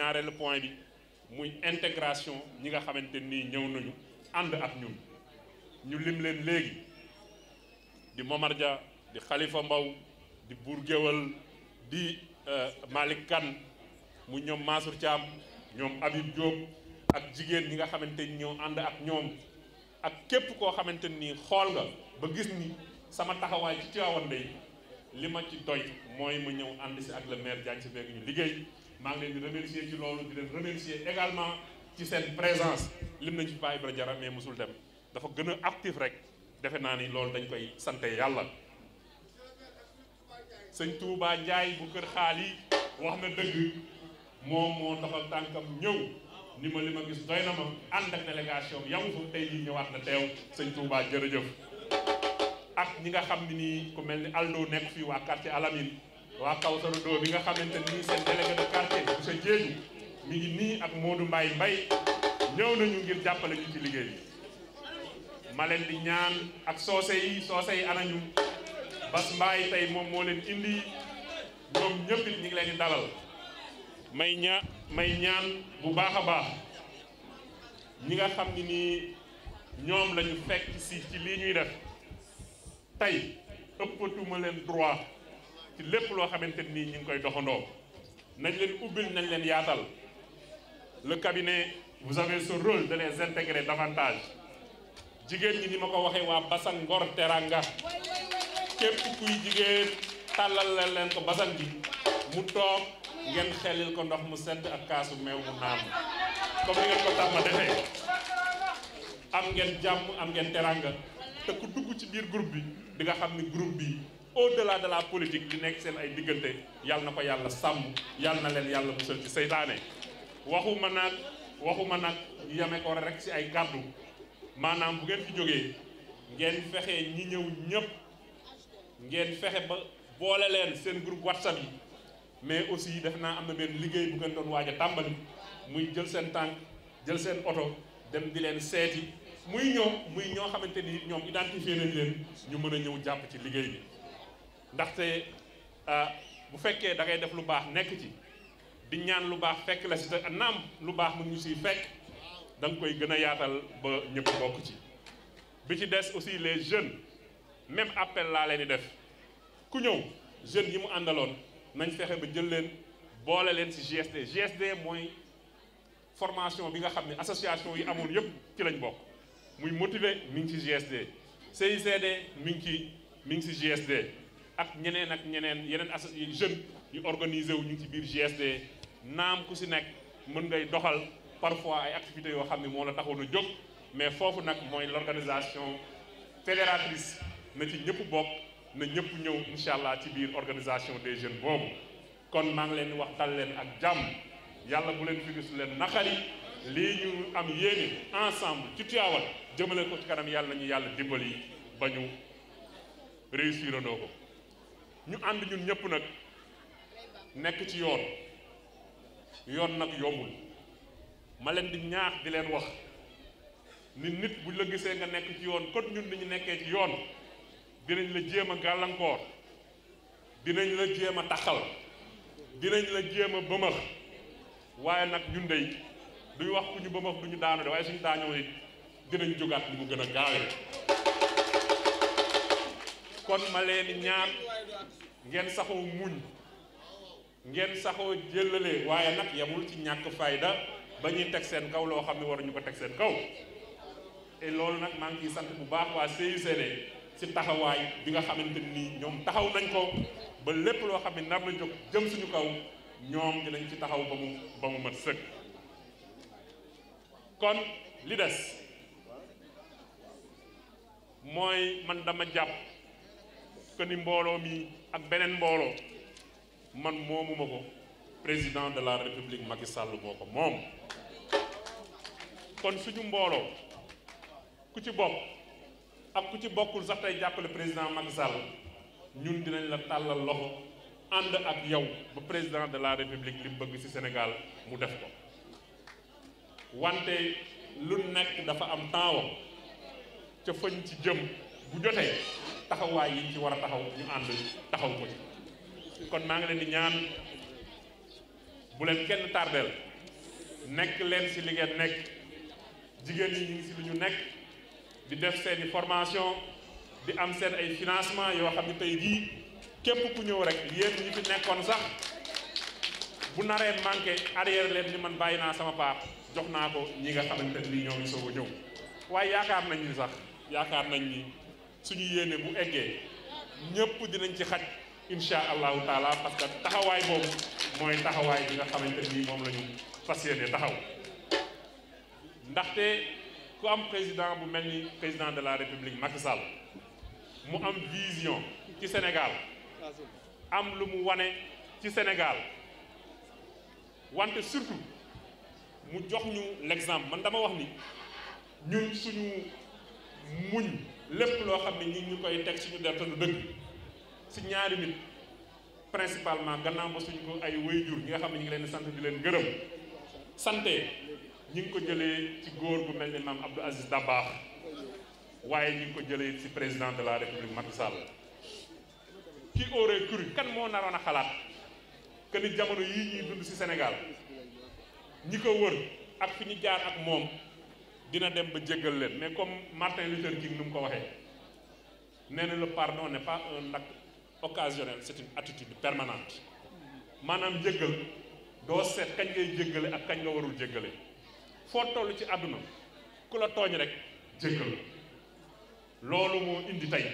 ñaareelu point bi muy intégration ñi nga xamante nii ñëw nañu ànd ak ñun ñu lim leen léegi di Momar Dia di xalifa Mbaw di buur Guéweul di euh, Malick Kane mu ñoom Mansour Thiam ñoom Habib Diop ak jigéen ñi nga xamante ni ànd ak ñoom ak képp koo xamante nii xool nga ba gis ni sama taxawaay ci Tivaouane day li ma ci doy mooy mu ñëw ànd si ak le maire Diagne Sy Mbengue ñu liggéey maa ngi leen di remercier ci loolu di leen remercier également ci seen présence lim nañ ci Paa Ibra Jara mosul dem dafa gën a actif rek defe naa ni loolu dañ koy sante yàlla sëñ Touba njaay bu kër xaal yi wax na dëgg moom moo doxal tànkam ñëw ni ma li ma gis doy na ma ànd ak délégation yamu fa tey jii ñëwaat na teew sëñ Touba jërëjëf ak ñi nga xam ne nii ku mel ni Aldo nekk fii waa quartier Alamine waa Kawsara Dóo bi nga xamante ni seen délégué de quartier monsieur Dieng mi ngi nii ak Modou Mbaye mbay ñëw nañu ngir jàppale ñu ci liggéey bi ma leen di ñaan ak soose yi soose yi anañu Bas Mbaye tey moom moo leen indi ñoom ñëpp it ñu ngi leen di dalal may ña may ñaan bu baax a baax ñi nga xam ni ñoom lañu ñu fekk si ci lii ñuy def tey ëppatuma leen droit. ci lépp loo xamante nii ñu ngi koy doxandoo nañ leen ubbil nañ leen yaatal le cabinet vous avez ce rôle de les intégrer davantage jigéen ñi ni ma ko waxee waa Basan Ngor Teranga képp kuy jigéen tàllal leen ko basan bi mu toog ngeen xelil ko ndox mu set ak kaasu meew mu naan comme ni ngeen ko tàmm defee am ngeen jàmm am ngeen teranga te ku dugg ci biir groupe bi di nga xam ni group bi au-delà de la politique di nekk seen ay diggante yàlla na ko yàlla sàmm yàlla na leen yàlla musal ci seytaane waxuma nag waxuma nag yame ko rek ci ay kàddu maanaam bu ngeen fi jógee ngeen fexe ñi ñëw ñëpp ngeen fexe ba boole leen seen groupe whatsapp yi mais aussi def naa am na benn liggéey bu ngeen doon waaj tàmbali muy jël seen tànk jël seen oto dem di leen seeti muy ñoom muy ñoo xamante ni ñoom identifié nañ leen ñu mën a ñëw jàpp ci liggéey bi. ndaxte euh, bu fekkee da ngay def lu baax nekk ci di ñaan lu baax fekk la si te naam lu baax mu ñu siy fekk da koy gën a yaatal ba ñëpp bokk ci bi ci des aussi les jeunes même appel laa leen di def ku ñëw jeunes yi mu àndaloon nañ fexe ba jël leen boole leen si GSD GSD mooy formation bi nga xam ne association yi amul yëpp ci lañ bokk muy motiver mi ngi ci GSD CICD mi ngi ci mi ngi ci GSD ak ñeneen ak ñeneen yeneen asso jeunes yu organisé wu ñu ci biir GSD naam ku si nekk mën ngay doxal parfois ay activités yoo xam ne moo la taxoon a jóg mais foofu nag mooy l'organisation fédératrice na ci ñëpp bokk na ñëpp ñëw incha allah ci biir organisation des jeunes boobu kon maa ngi leen di wax dal leen ak jàmm yàlla bu leen fi gis leen naqari lii ñu am yéene ensemble ci Tivaouane jëmale ko ci kanam yàlla na ñu yàlla dimbali ba ñu réussirandoo ko ñu ànd ñun ñëpp nag nekk ci yoon yoon nag yombul ma leen di ñaax di leen wax ni nit bu la gisee nga nekk ci yoon kon ñun dañu nekkee ci yoon dinañ la jéem a gàllankoor dinañ la jéem a taxal dinañ la jéem a bëmax waaye nag ñun dey duñ wax ku ñu bëmax du ñu waaye suñu daañoo it dinañ jógaat li mu gën a gaawee kon ma leen ñaan ngeen saxoo muñ ngeen saxoo jëlale waaye nag yamul ci ñàkk fayda ba ñuy teg seen kaw loo xam ne waruñu ko teg seen kaw et loolu nag maa ngi sant bu baax waa CICD ci taxawaay bi nga xamante nii ñoom taxaw nañ ko ba lépp loo xam ne nar na jóg jëm suñu kaw ñoom dinañ ci taxaw ba mu ba mu mat sëkk kon li des mooy man dama jàpp que ni mbooloo mi ak beneen mbooloo man moomuma ko président de la république Macky Sall moo ko moom kon suñu mbooloo ku ci bokk ak ku ci bokkul sax tey jàppale président Macky Sall ñun dinañ la tàllal loxo ànd ak yow ba président de la république li mu bëgg ci Sénégal mu def ko wante lu nekk dafa am temps wa ca fañ ci jëm bu jotee taxawaay yi ci war a taxaw ñu ànd taxaw ko ci kon maa ngi leen di ñaan bu leen kenn tardeel nekk leen si li ngeen nekk jigéen yi ñu ngi si lu ñu nekk di def seeni formation di am seen ay financement yoo xam ne tey jii képp ku ñëw rek yéen ñi fi nekkoon sax bu naree manqué arrière leen ni man bàyyi naa sama part jox naa ko ñi nga xamante ni ñoo ngi ñëw waaye yaakaar nañ ni sax yaakaar nañ ni suñu yéene bu eggee ñëpp dinañ ci xaj incha allahu taala parce que taxawaay boobu mooy taxawaay bi nga xamante ni moom la ñu fas yéene taxaw ndaxte ku am président bu mel ni président de la république Macky Sall mu am vision ci Sénégal am lu mu wane ci Sénégal wante surtout mu jox ñu l'exemple man dama wax ni ñun suñu muñ. lépp loo xam ne ñi ngi koy teg suñu der te du dëgg si ñaari nit principalement gannaaw ba suñu ko ay waajur ñi nga xam ne ñi ngi leen sant di leen gërëm sante ñi ngi ko jëlee ci góor bu mel ni maam Abdou Aziz Dabakh waaye ñi ngi ko jëlee ci président de la république Macky Sall qui aurait cru kan moo naroon a xalaat que ni jamono yii ñuy dund si Sénégal ñi ko wër ak fi ñu jaar ak moom dina dem ba jéggal leen mais comme Martin Luther King nu mu ko waxee nee na le pardon ne par un acte occasionnel c'est une attitude permanente maanaam jéggal doo seet kañ ngay jéggale ak kañ nga warul jéggale foo toll ci àdduna ku la tooñ rek jéggal loolu moo indi tey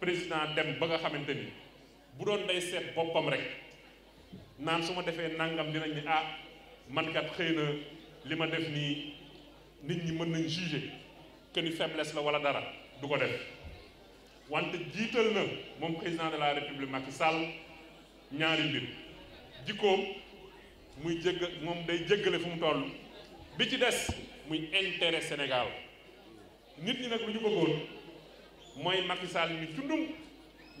président dem ba nga xamante ni bu doon day seet boppam rek naan su ma defee nangam dinañ ni ah man kat xëy na li ma def nii nit ñi mën nañ juger que ni faiblesse la wala dara du ko def wante jiital na moom président de la république Macky Sall ñaari mbir jikoom muy jégg moom day jéggale fu mu toll bi ci des muy intérêt Sénégal nit ñi nag lu ñu bëggoon mooy Macky Sall mi tundum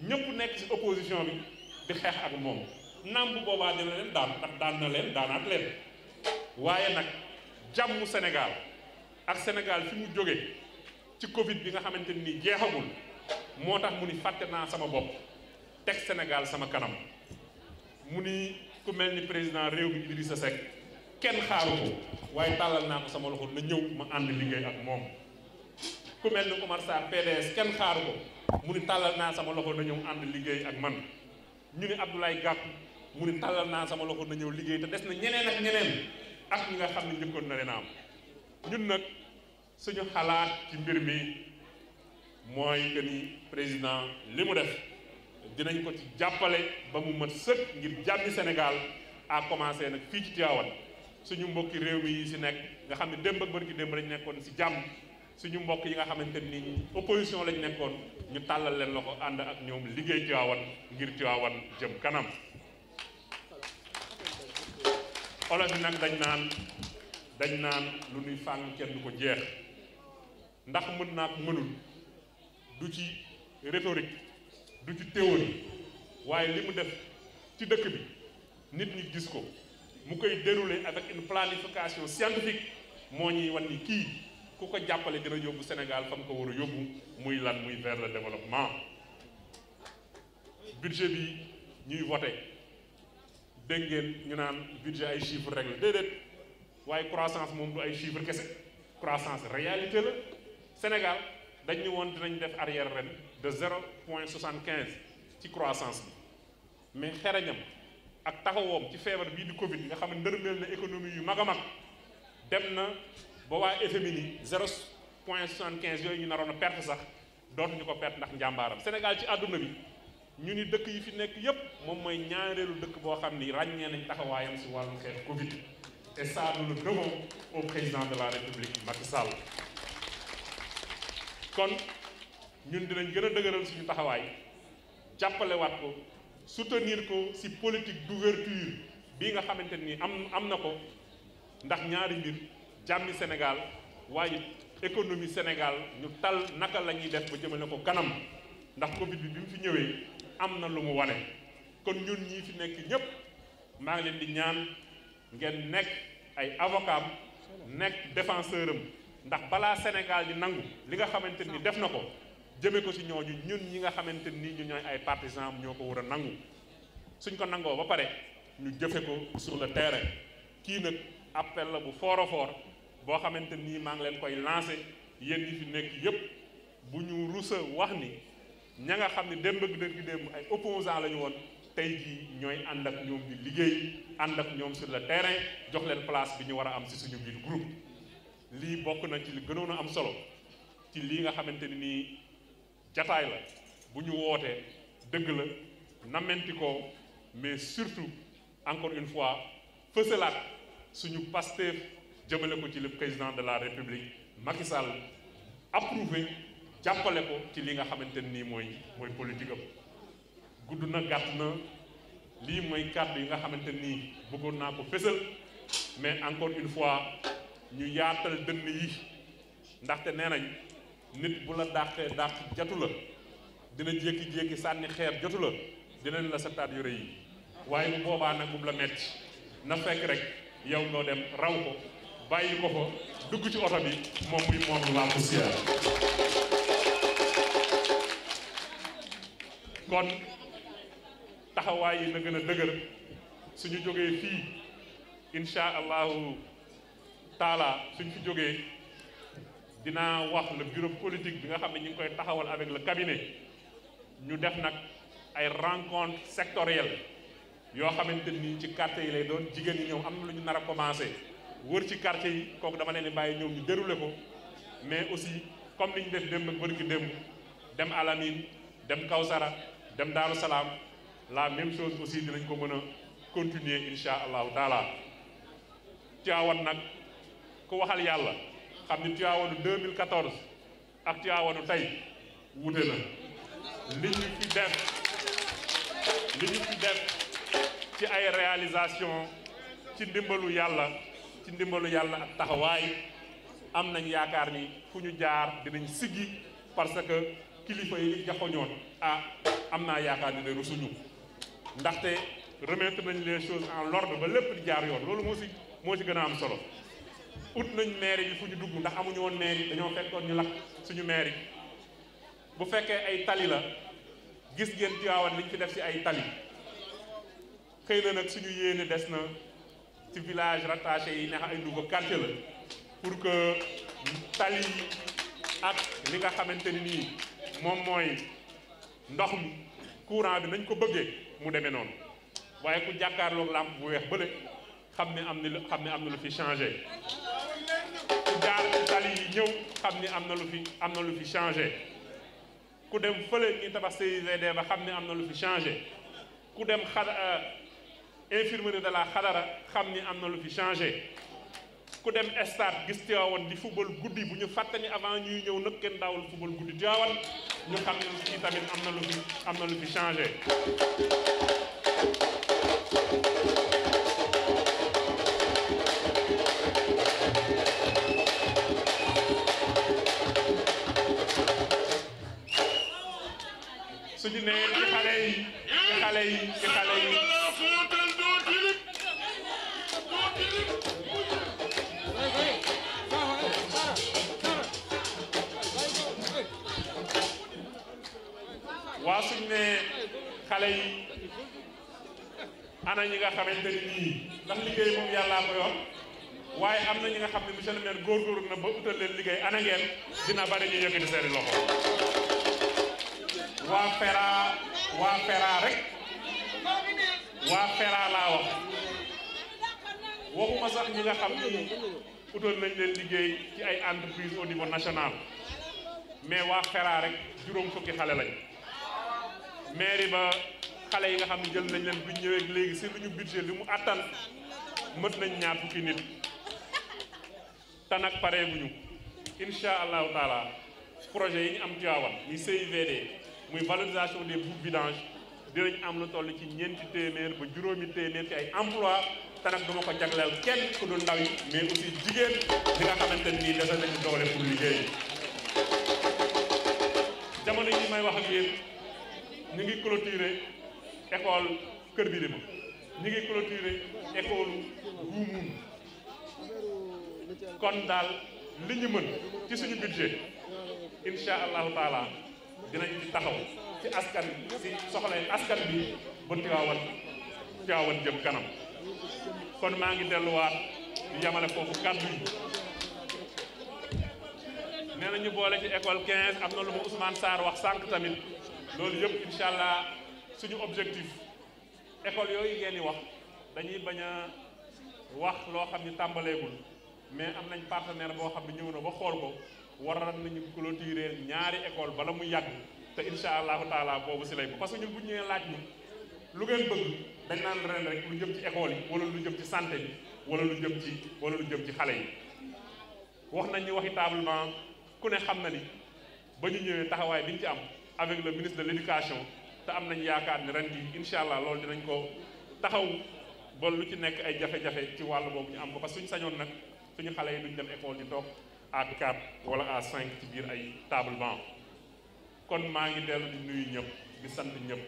ñëpp nekk ci opposition bi di xeex ak moom naam bu boobaa dina leen daan ndax daan na leen daanaat leen waaye nag jàmmu senegaal ak Sénégal fi mu jóge ci Covid bi nga xamante ni jeexagul moo tax mu ni fàtte naa sama bopp teg Sénégal sama kanam mu ni ku mel ni président réew mi sa Seck kenn xaaru ko waaye tàllal naa ko sama loxo na ñëw ma ànd liggéey ak moom ku mel ni Omar Sarr PDS kenn xaaru ko mu ni tàllal naa sama loxo na ñëw ànd liggéey ak man ñu ni Abdoulaye Gakou mu ni tàllal naa sama loxo na ñëw liggéey te des na ñeneen ak ñeneen ak ñi nga xam ne njëkkoon na leen am ñun nag suñu xalaat ci mbir mi mooy que président li mu def dinañ ko ci jàppale ba mu mat sëkk ngir jàmmi Sénégal à commencer nag fii ci Tivaouane suñu mbokki réew mi yi si nekk nga xam ne démb ak bërki démb lañ nekkoon si jàmm suñu mbokk yi nga xamante ni opposition lañ nekkoon ñu tàllal leen loxo ànd ak ñoom liggéey Tivaouane ngir Tivaouane jëm kanam olof nag dañ naan dañ naan lu nuy fàng kenn ko jeex ndax mën naa ko mënul du ci rhétorique du ci théorie waaye li mu def ci dëkk bi nit ñi gis ko mu koy dérouler avec une planification scientifique moo ñuy wan ni kii ku ko jàppale dina yóbbu Sénégal fa mu ko war yóbbu muy lan muy vers le développement budget bi ñuy voté dégg ngeen ñu naan budget ay chiffres rek la déedéet waaye croissance moom du ay chiffre kese croissance réalité la Sénégal dañ ñu woon dinañ def arrière ren de zéro point soixante quinze ci croissance bi mais xerañam ak taxawoom ci feebar bii di Covid nga xam ne ndërmeel na économie yu mag a mag dem na ba waa FMI ni zéro point soixante quinze yooyu ñu naroon a perte sax dootuñu ko perte ndax njàmbaaram Sénégal ci àdduna bi ñu ni dëkk yi fi nekk yépp moom mooy ñaareelu dëkk boo xam ni ràññee nañ taxawaayam si wàllu xeex Covid Et ça, nous le devons au président de la République, Macky Sall. kon ñun dinañ gën a dëgëral suñu taxawaay jàppalewaat ko soutenir ko ci politique d'ouverture bii nga xamante ni am am na ko ndax ñaari mbir jàmmi Sénégal waaye économie Sénégal ñu tal naka la ñuy def ba jëmale ko kanam ndax Covid bi bi mu fi ñëwee am na lu mu wane kon ñun ñii fi nekk ñépp maa ngi leen di ñaan ngeen nekk ay avocat nekk défenseur am ndax balaa Sénégal di nangu li nga xamante ni def na ko jëme ko ci ñooñu ñun ñi nga xamante ni ñu ñooy ay partisans am ñoo ko war a nangu suñ ko nangoo ba pare ñu jëfe ko sur le terrain kii nag appel la bu fort a fort boo xamante nii maa ngi leen koy lancé yéen ñi fi nekk yépp bu ñu rusa wax ni ña nga xam ne démb dëgg démb ay opposants la ñu woon tey jii ñooy ànd ak ñoom di liggéey ànd ak ñoom su le terrain jox leen place bi ñu war a am si suñu biir groupe lii bokk na ci li gënoon a am solo ci lii nga xamante ni nii jataay la bu ñu wootee dëgg la namenti ko mais surtout encore une fois fësalaat suñu Pastef jëmale ko ci le président de la République Macky Sall approuvé jàppale ko ci li nga xamante ni nii mooy mooy politique am gudd na gàtt na lii mooy kàddu yi nga xamante nii bëggoon naa ko fésal mais encore une fois ñu yaatal dënn yi ndaxte nee nañ nit bu la dàqee dàq jotu la dina jékki-jékki sànni xeer jotu la dinañ la sa taat yu yi waaye bu boobaa nag bu la metti na fekk rek yow nga dem raw ko bàyyi ko fa dugg ci oto bi moom muy moom la poussière kon taxawaay yi na gën a dëgër suñu jógee fii insha allahu taala suñ fi jógee dinaa wax le juróom politique bi nga xam ne ñu ngi koy taxawal avec la cabinet ñu def nag ay rencontre sectorielle yoo xamante ni ci quartier yi lay doon jigéen ñi ñëw am na lu ñu nar a commencé wër ci quartier yi kooku dama leen di bàyyi ñëw ñu déroulé ko mais aussi comme ni ñu def démb ak bërki démb dem Alamine dem Kawsara dem Daaru Salaam la même chose aussi dinañ ko mën a continuer insha allahu taala Tiwaawan nag ku waxal yàlla xam ni Tiwaawanu 2014 ak Tiwaawanu tey wute na li ñu fi def li ñu fi def ci ay réalisation ci ndimbalu yàlla ci ndimbalu yàlla ak taxawaay am nañ yaakaar ni fu ñu jaar dinañ siggi parce que kilifa yi jaxoñoon ah am naa yaakaar ni ne rusuñu ndaxte remettre nañ leen choses en l'ordre ba lépp di jaar yoon loolu moo si moo si gën a am solo ut nañ maire yi fu ñu dugg ndax amuñu woon maire yi dañoo fekkoon ñu lakk suñu maire bu fekkee ay tali la gis ngeen Tivaouane liñ fi def si ay tali xëy na nag suñu yéene des na ci village rattaché yi neex ay ndugg quartier la pour que tali ak li nga xamante ni nii moom mooy ndox mi courant bi nañ ko bëggee mu demee noonu waaye ku jàkkaarloog làmp bu weex bële xam ne am na lu xam ni am na lu fi changé ku jaar yi ñëw xam ne am na lu fi am na lu fi changé ku dem fële ñi tabax CIVD ba xam ne am na lu fi changé ku dem xada euh, infirmerie de la xadara xam ni am na lu fi changé ku dem stade gis Tivaouane di football guddi bu ñu fàtte ni avant ñuy ñëw nag kenn daawul football guddi Tivaouane ñu xam ne ci tamit am na lu fi am na lu fi changé. suñu nee ci xale yi ci xale yi ci xale ne xale yi ana ñi nga xamante ni nii ndax liggéey moom yàllaa ko yor waaye am na ñi nga xam ne monsieur le liggéey ana ngeen dina bari ñu seeni loxo waa fera waa fera rek waa fera laa wax waxuma sax ñi nga xam ni utal nañ leen liggéey ci ay entreprise au niveau national mais waa fera rek juróom fukki xale lañ mairie ba xale yi nga xam ne jël nañ leen bi ñu ñëwee léegi si lu ñu budget li mu àttan mët nañ ñaar fukki nit te nag pareeguñu incha allahu taala projet yi ñu am Tiwaawan muy CIVD muy valorisation des boues vidanges dinañ am lu toll ci ñeenti téeméer ba juróomi téeméer ci ay emploi te nag duma ko jagleel kenn ku du ndaw yi mais aussi jigéen bi xamante nii dese nañu doole pour liggéey jamono yi may wax ak ñu ngi clôturer école Kër Birima ñu ngi clôturer école Guumuun kon daal li ñu mën ci suñu budget allahu taala dinañ ci taxaw ci askan ci soxlay askan bi ba Tiwaawan Tiwaawan jëm kanam kon maa ngi delluwaat di yamale foofu kàddu yi nee na ñu boole ci école 15 am na lu ma Ousmane Sarr wax sànq tamit. loolu yëpp incha allah suñu objectif école yooyu ngeen di wax dañuy bañ a wax loo xam ni tàmbaleegul mais am nañ partenaire boo xam ne ñëw na ba xool ko waral nañu clôturer ñaari école bala mu yàgg te incha allahu taala boobu si lay parce que ñun bu ñu nee laaj ñu lu ngeen bëgg dañ naan ren rek lu jëm ci école yi wala lu jëm ci santé bi wala lu jëm ci wala lu jëm ci xale yi wax nañ ñu waxi tablement ku ne xam na ni ba ñu ñëwee taxawaay bi ci am. avec le ministre de l'éducation te am nañ yaakaar ni ren jii incha allah loolu dinañ ko taxaw ba lu ci nekk ay jafe-jafe ci wàll boobu ñu am ko parce que sañoon nag suñu xale yi duñ dem école di toog à 4 wala à 5 ci biir ay table banc kon maa ngi dellu di nuyu ñëpp di sant ñëpp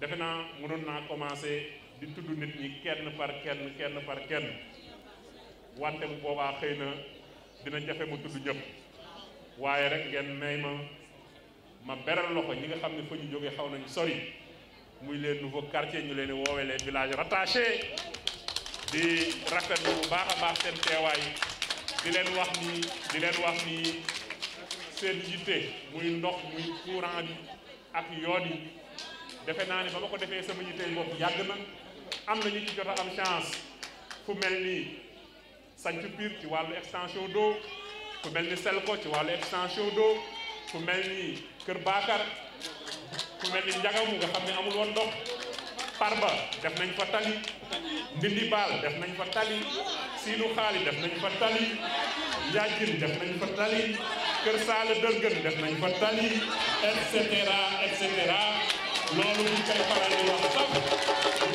defe naa mënoon naa commencé di tudd nit ñi kenn par kenn kenn par kenn wante bu boobaa xëy na dina jafe mu tudd ñëpp waaye rek ngeen may ma. ma beral loxo ñi nga xam ne fa ñu jógee xaw nañu sori muy les nouveaux quartiers ñu leen di woowee les villages rattachés di bu baax a baax seen teewaay di leen wax ni di leen wax ni seen yitte muy ndox muy courant bi ak yoon yi defe naa ni ba ma ko defee sama ñu yitte bopp yàgg na am na ñu ci jot a am chance fu mel ni Santhiou Pire ci wàllu extension d'eau fu mel ni sel Selko ci wàllu extension d'eau fu mel ni. kër Bakar ku mel ni njagamu nga xam ne amul woon ndox Parba def nañ fa tali Ndindi Baal def nañ fa tali Siinu Xaali def nañ fa tali Njaajin def nañ fa tali Kër Saala Dërgën def nañ fa tali et cetera et cetera loolu ñu koy faral di wax sax ñu di wax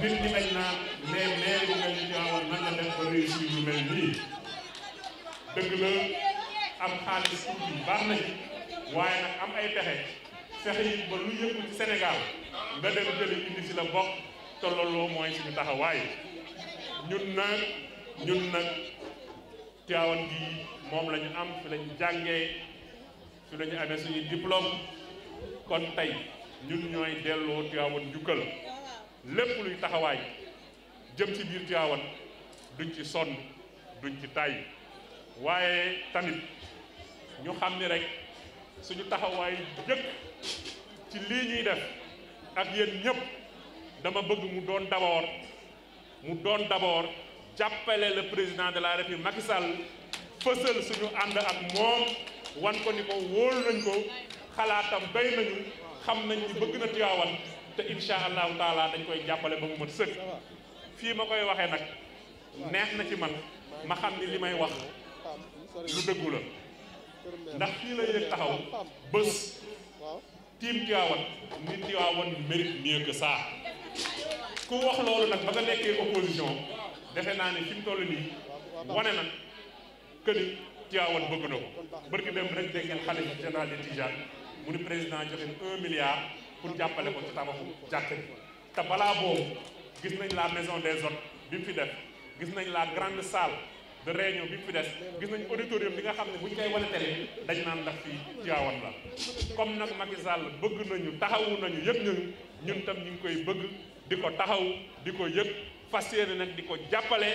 nit ñi dañ naan nga ñu jaawoon nan la def ba réussir lu mel nii dëgg la. am xaalis pour bi baax na waaye nag am ay pexe sexe yi ba lu yëpp ci Sénégal nga dem jëli indi si la bokk te loolu mooy suñu taxawaay ñun nag ñun nag Tiwaawan gi moom lañu ñu am fi la ñu jàngee fi la ñu amee suñu kon tey ñun ñooy delloo Tiwaawan jukkal lépp luy taxawaay jëm ci biir Tiwaawan duñ ci sonn duñ ci tàyyi waaye tamit ñu xam ni rek suñu taxawaay jëkk ci lii ñuy def ak yéen ñëpp dama bëgg mu doon d'abord mu doon d'abord jàppale la président de la république Macky Sall fësal suñu ànd ak moom wan ko ni ko wóolu nañ ko xalaatam doy nañu xam nañ ni bëgg na Tiwaawan te insha allahu taala dañ koy jàppale ba mu mën sëkk fii ma koy waxee nag neex na ci man ma xam ni li may wax lu dëggu la ndax fii la taxaw bés tiim Tiwaawan ni Tiwaawan mérite mieux saa ça ku wax loolu nag ba nga nekkee opposition defe naa ne fi toll nii wane nag que ni Tiwaawan bëgg na ko barki dem rek dégg ngeen xale général de Tijaan mu ni président joxe un milliard pour jàppale ko ci tabaxu jàkk bi te balaa boobu gis nañ la maison des hôtes bi mu fi def gis nañ la grande salle de réunion bi mu fi des gis nañ auditorium bi nga xam ne bu ñu koy wane télé dañ naan ndax fii Tiwaawan la comme nag Macky Sall bëgg nañu taxawu nañu yëg nañu ñun tam ñu ngi koy bëgg di ko taxaw di ko yëg fas yéene nag di ko jàppale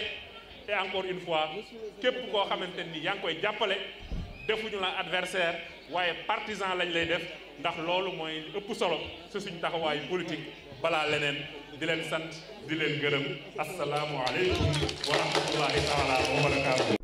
te encore une fois képp koo xamante nii yaa ngi koy jàppale defuñu la adversaire waaye partisan lañ lay def ndax loolu mooy ëpp solo si suñu taxawaayu politique balaa leneen di leen sant di leen gërëm asalaamualeykum wa rahmatullahi taala wa barakaatu